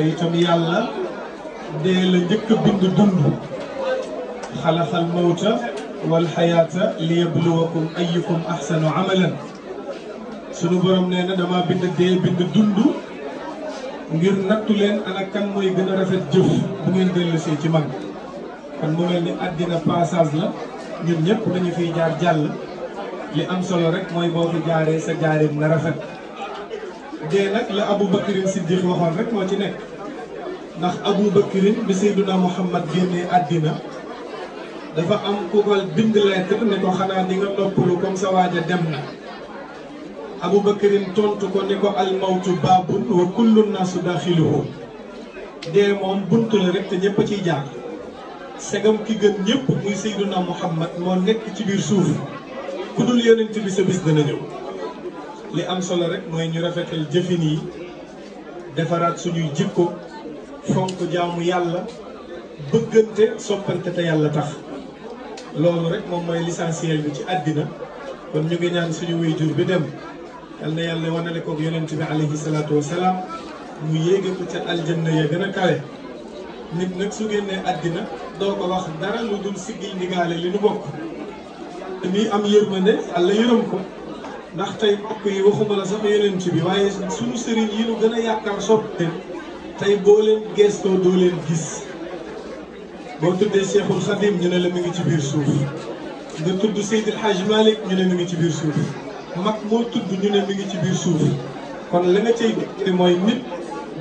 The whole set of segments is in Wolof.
te itam yàlla dee la njëkk a bind dund xalaxal mawta wal xayaata liyabluwakum ayyukum ahsanu amalan sunu borom nee na dama bind dee bind dund ngir nattu leen ana mooy gën a rafet jëf bu ngeen dellusee ci man kon mu mel ni àddina passage la ñun ñëpp dañu fiy jaar jàll li am solo rek mooy boo fi jaaree sa jaaree na rafet dee nag la Abu Bakrin Siddiq waxoon rek moo ci nekk ndax Abu Bakrin bi Seydina Muhammad génnee àddina dafa am ku ko bind lettre ne ko xanaa di nga noppalu comme sa waaja dem na Abu Bakrin tontu ko ne ko almawtu baabun wa kullu naasu daaxiluhu dee buntu la rek te ñëpp ciy jaar segam ki gën ñëpp muy Seydina Muhammad moo nekk ci biir suuf ku dul yonent bi sa bis dana ñëw li am solo rek mooy ñu rafetal jëfin yi defaraat suñuy jikko fonk jaamu yàlla bëggante soppante te yàlla tax loolu rek moom mooy l'essentiel bi ci àddina kon ñu ngi ñaan suñu wayjur bi dem yal na yàlla wanale koog yonent bi alayhi salaatu wasalaam mu yéege ko ca aljanna ya gën a kawe nit nag su génnee àddina doo ko wax dara lu dul siggil ndigaale li nu bokk te muy am yërmande yàlla yërëm ko ndax tey mbokk yi waxuma la sama yonent bi waaye suñu sëriñ yi nu gën a yaakaar soppante tey boo leen gestoo doo leen gis boo tuddee Cheikhul Khadim ñu ne la mi ngi ci biir suuf nga tudd Seydil Hadj Malick ñu ne mi ngi ci biir suuf mag moo tudd ñu ne mi ngi ci biir suuf kon la nga cay te mooy nit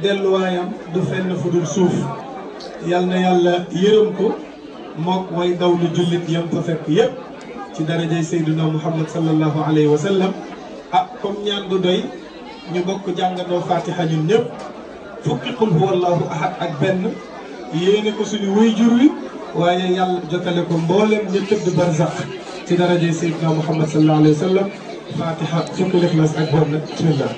delluwaayam du fenn fu dul suuf yal na yàlla yërëm ko mook way daw lu jullit yam fa fekk yépp ci darajay Seydina Muhammad sallallahu alayhi wa sallam ah comme ñaan du doy ñu bokk jàngandoo Fatiha ñun ñëpp fukki qul huwallahu ahad ak benn yéene ko suñu wayjur wi waaye yàlla jotale ko mboolem ñu tëdd barzaq ci daraje Seydina Muhammad sallallahu alayhi wa sallam fatiha sukk lixlaas ak boobu nag bismillah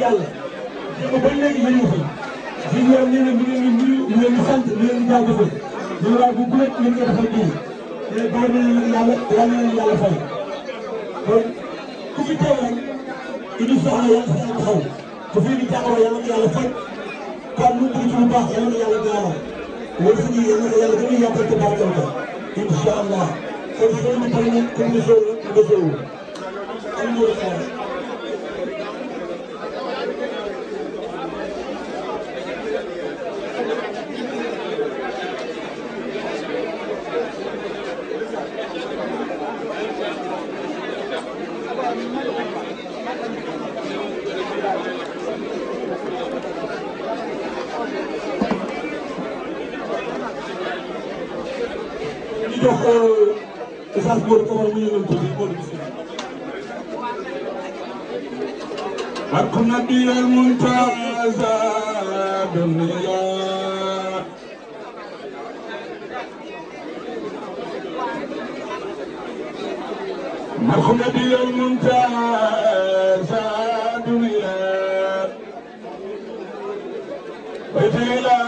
yàlla jéego ba léegi yéen a fi di ñëw ñu ne ñu leen di nuyu ñu leen di sant ñu leen di jaajëfal ñu war bu gudd ñu ngi defal bii te bàyyi nañu leen yàlla yàlla leen yàlla fay kon ku fi teew rek indi soxla yàlla sa yàlla xaw ku fi indi jàngoro yàlla ko yàlla faj kon lu bëgg ci lu baax yàlla ko yàlla gaaral wala suñu yàlla ko yàlla gën a yokkal te barkeel ko incha allah kon soo ñu bëri nag comme nga soo nga soo am nga dañuy jox message góor ko war a mu yëngal tuuti góor gi seen. ak nabi al muntaza dunya مرحبا بي الممتاز دنيا بدي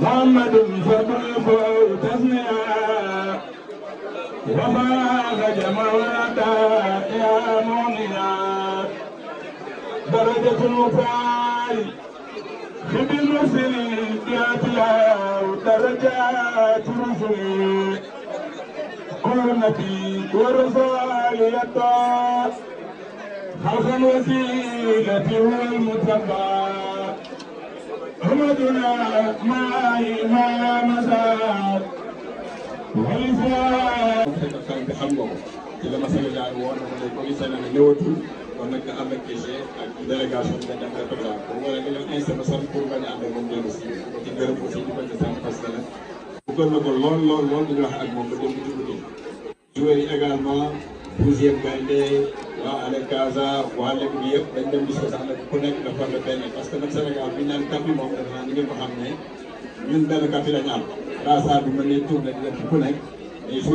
محمد فكل فوق تسمية وفاق جمعنا يا مؤمنا درجة الوفاء خب المرسلين يا تلاو درجات رسلي كل نبي ورسول يطاف خلق الوسيلة هو المتبع حمدنا ما ما مساء والفاء بحمده إلا ما سمع جعل وانا من كل سنة نيوتو ونك أمك إجي délégation bi nga dem représenté bu ko defee leen incité sax pour bañ a ànd ak moom dellu si di gërëm aussi di bañ a sant parce que bu ko ne ko lool lool lool dañuy wax ak moom ba dem ci dugub ji joueurs yi également douzième Gaïndé waa Alekaza waa lekk bi yëpp dañ dem bis ko sax nag ku nekk nga former benn parce que nag Sénégal bi ñu naan kàpp yi moom dafa naan ni ngeen xam ne ñun benn kàpp yi lañu bi mën nañ tourné nekk et ko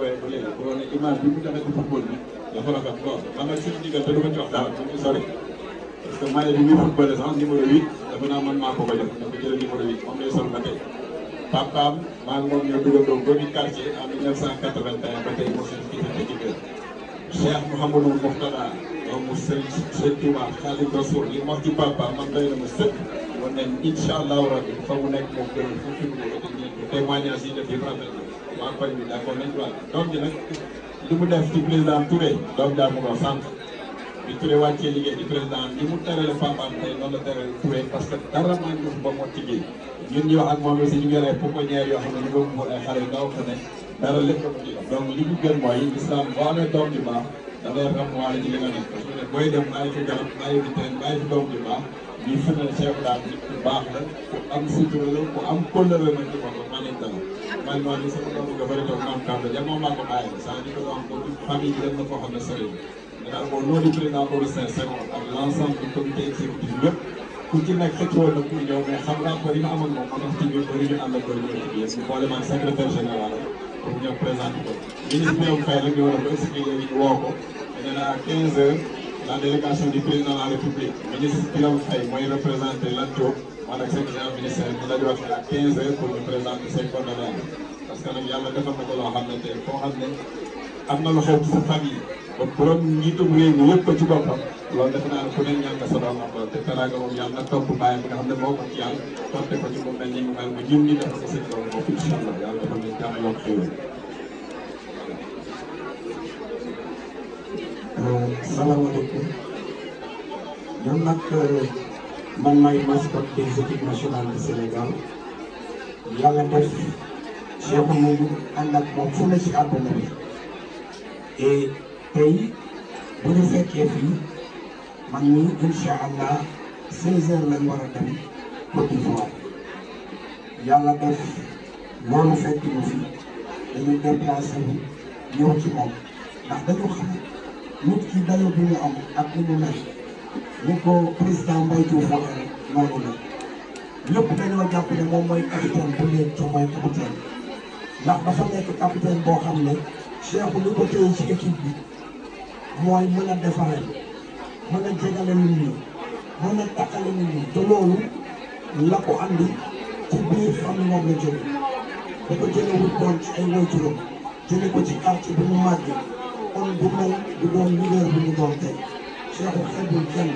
wéyee ba boo ne image bi mu joxe ci football bi dafa rafet lool man nag suñu diggante du ma daal du ñu sori parce que maillot bi muy footballé sax numéro 8 dafa naa man maa ko ko jox dafa jël numéro 8 moom lay sol ba tey. papaam maa ngi moom ñoo dugandoo Gomi quartier en 1981 ba tey moo seen kii ci Tëngéej Cheikh Mouhamadou Mourtada doomu Serigne Serigne Touba Xaadimu Rasuul li mu wax ci papaam man doy na ma sëkk mu ne incha allahu rabi fa mu nekk moom gën a fukki mu ko te témoignage yi def yi rafet waa koñ bi d'accord nañ wàll doom nag li mu def ci président Touré doom jaa mu ko sant bi Touré wàccee liggéey di président ni mu terale Fapal tey noonu la terale Touré parce que dara maa ngi ba moo tiggéey ñun ñu wax ak moom aussi ñu ngi lay pouponnière yoo xam ne ñu ngi muur ay gën mooy islam da ngay ramwaale ci nekk parce man maa ni sama doom nga bëri toog ma am kàddu ja moom maa ko bàyyi saa ni ko doon famille bi dem na foo xam ne sori dinaa ko loolu président Augustin Senghor ak l' a ko heures la délégation du de la république parce que nag yàlla defal na loo xam ne tey foo xam ne am na lu xew famille. kon borom njiitum réew mi yëpp ci boppam loolu defe naa ku ne ñaan nga sa am loolu te teraanga moom yàlla na topp bàyyi bi nga xam ne moo ko ci yàlla mu mel ni mu mel ba ñun ñi defal ko seen doom bopp incha allah yàlla defal nañ jàmm yokk xéwal euh, salaamaaleykum ñoom nag euh, man may mascotte des équipes nationales du Sénégal ne ci àdduna bi tey bu ñu fekkee fii man ñi incha allah 16 heures lañ war a dem Côte yàlla def loolu fekk fi dañu déplacé wu ñëw ci moom ndax dañu xam nit ki dayo bi ñu am ak ni mu mel ni ko président Mbaye Diouf waxee rek noonu la ñëpp dañoo jàpp ne mooy capitaine bu mooy capitaine ndax dafa nekk capitaine boo xam ne Cheikh ñu ko téye ci équipe bi mooy mën a defaree mën a jegale nit ñi mën a takkale nit ñi te la ko andi ci biir xam moom jóge da ko jële wut ci ay waajuram jële ko ci quartier bi mu màggee kon du mel du doon leader bi ñu doon tey Cheikhou xeebul kenn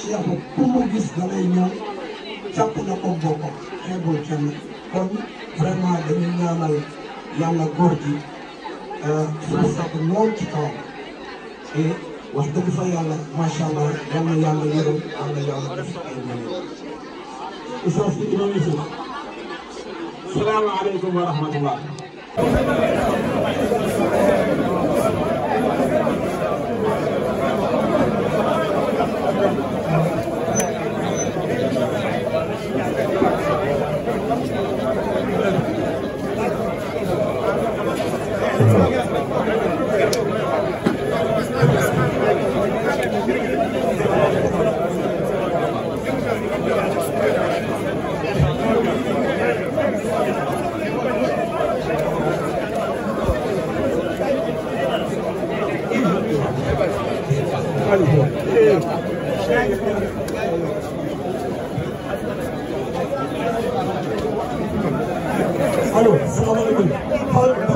Cheikhou ku mu gis da ñëw jàpp na ko boppam xeebul kenn kon vraiment dañu ñaanal yàlla góor gi suuf euh, sax lool ci kawam te eh, wax dëgg fa yàlla macha allah yal na yàlla yërëm yal na yàlla def ay mënees. oustaz bi imam Youssouf. salaamaaleykum wa rahmatullah. Thank you. xool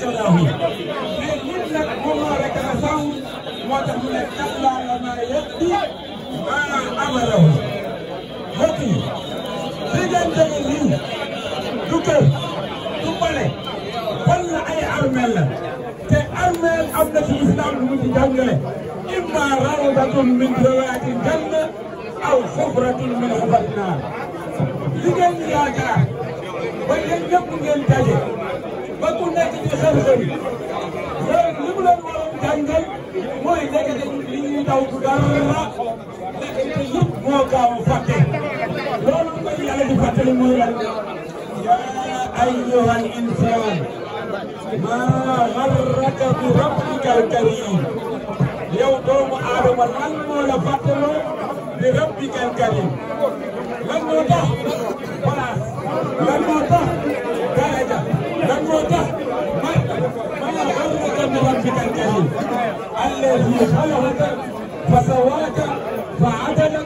salaahu mais ñun nag moom moo rek a mu ne la ma yetti maanaam amalaw mbokk yi diggante yi nii du kër du ay armeel la te armeel am na ci lislaam lu imma rawdatun min rawaati janna aw xufratun min xubat naar li ngeen yaakaar ba ngeen ñëpp ngeen daje mu nekk ci seen sëñ bi léegi li mu leen waroon jàngal mooy nekk li ñuy daw bu dara la nekk te yëpp moo gaaw a fàtte loolu mooy yàlla di fàttali mooy lan yaa ayyuhal insaan maa gharraka bi rabbikal kariim yow doomu aadama lan moo la fàttaloo bi rabbikal kariim lan moo tax place lan moo tax daraja lan moo tax ربك الكريم الذي خلقك فسواك فعدلك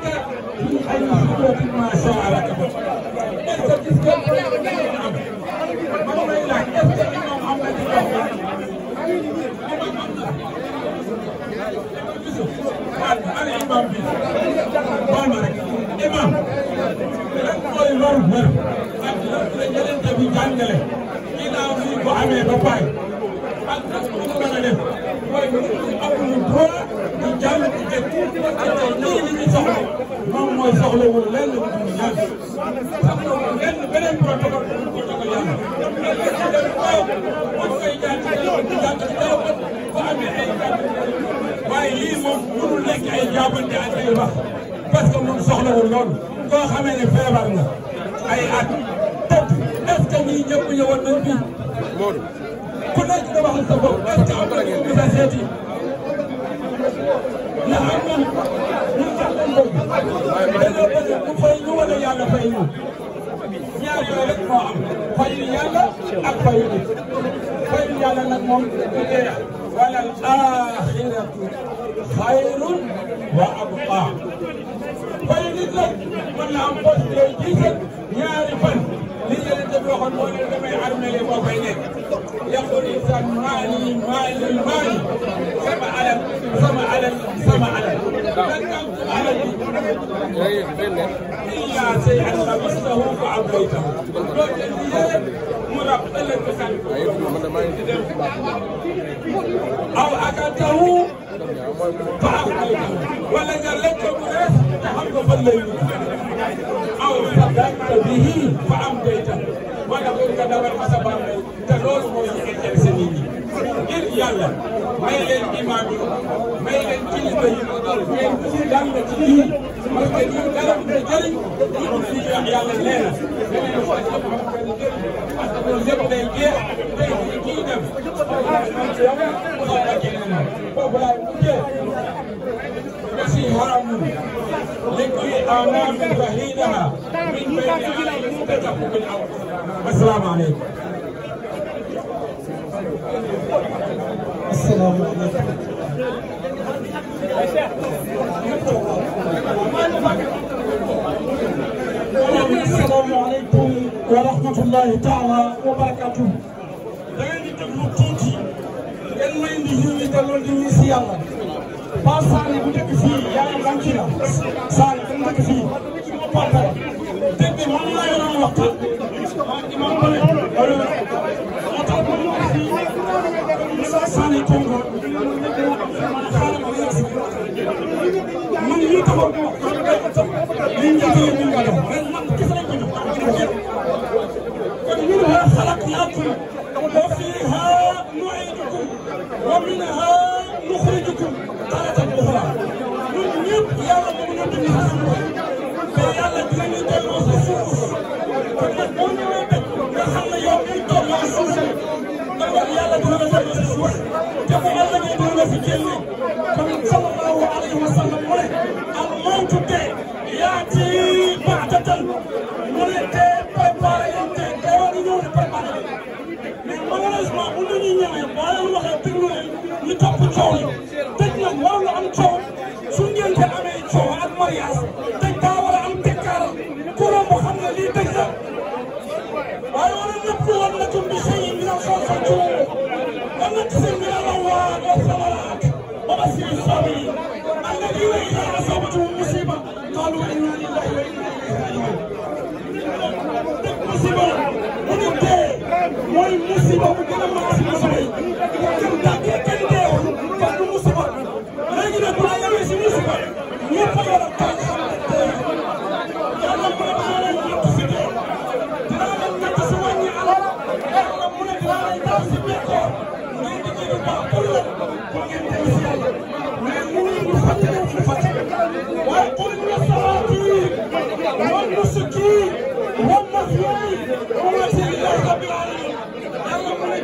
mënul nekk ay jàppante ak ay wax parce que moom soxlawul loolu koo xamee ne feebar na ay at tëdd est-ce que ñii nañ fii ku nekk nga waxal sa bopp est-ce que na ñu ku fay ñu wala yàlla fay ñu ñaar yooyu rek moo am fayu yàlla ak fayu nit fayu yàlla nag moom du dee wala aaxiratu xayrun wa abqa fay nit nag mën na am poste yooyu jiital ñaari fan li ngeen di waxoon moo ne damay armele moo fay nekk yaqul insan maali maali maali sama alal sama alal sama alal lan nga am sama alal bi illa say an xamistahu fa ablaytahu loolu la ñu yëpp mu rab ëllëg ko xam aw akatahu baax wala nga lekk bu rees te xam nga fan lay aw sadaqta bihi fa am bayta wala boog nga dawal ma sa bàmmeel te loolu mooy ñu intéressé nit ñi ngir yàlla may leen imaam yi may leen kilifa yi ngeen ci jàng ci lii parce que lii dara du jëriñ lu dul lii yàlla nee na هرم لكي آنام شهيدها من بين أيديهم تتقوا بالأرض السلام عليكم السلام عليكم السلام عليكم ورحمة الله تعالى وبركاته di julli te loolu di ñu si yàlla Pa Sané fii yaayam lan ci la Sané dañ fii Pantala dëkk bi moom laa yoroon waxtu imam bële moo tax ma ñëw fii Moussa Sané Tongo man lii taxaw ma wax ko li ñu Senghor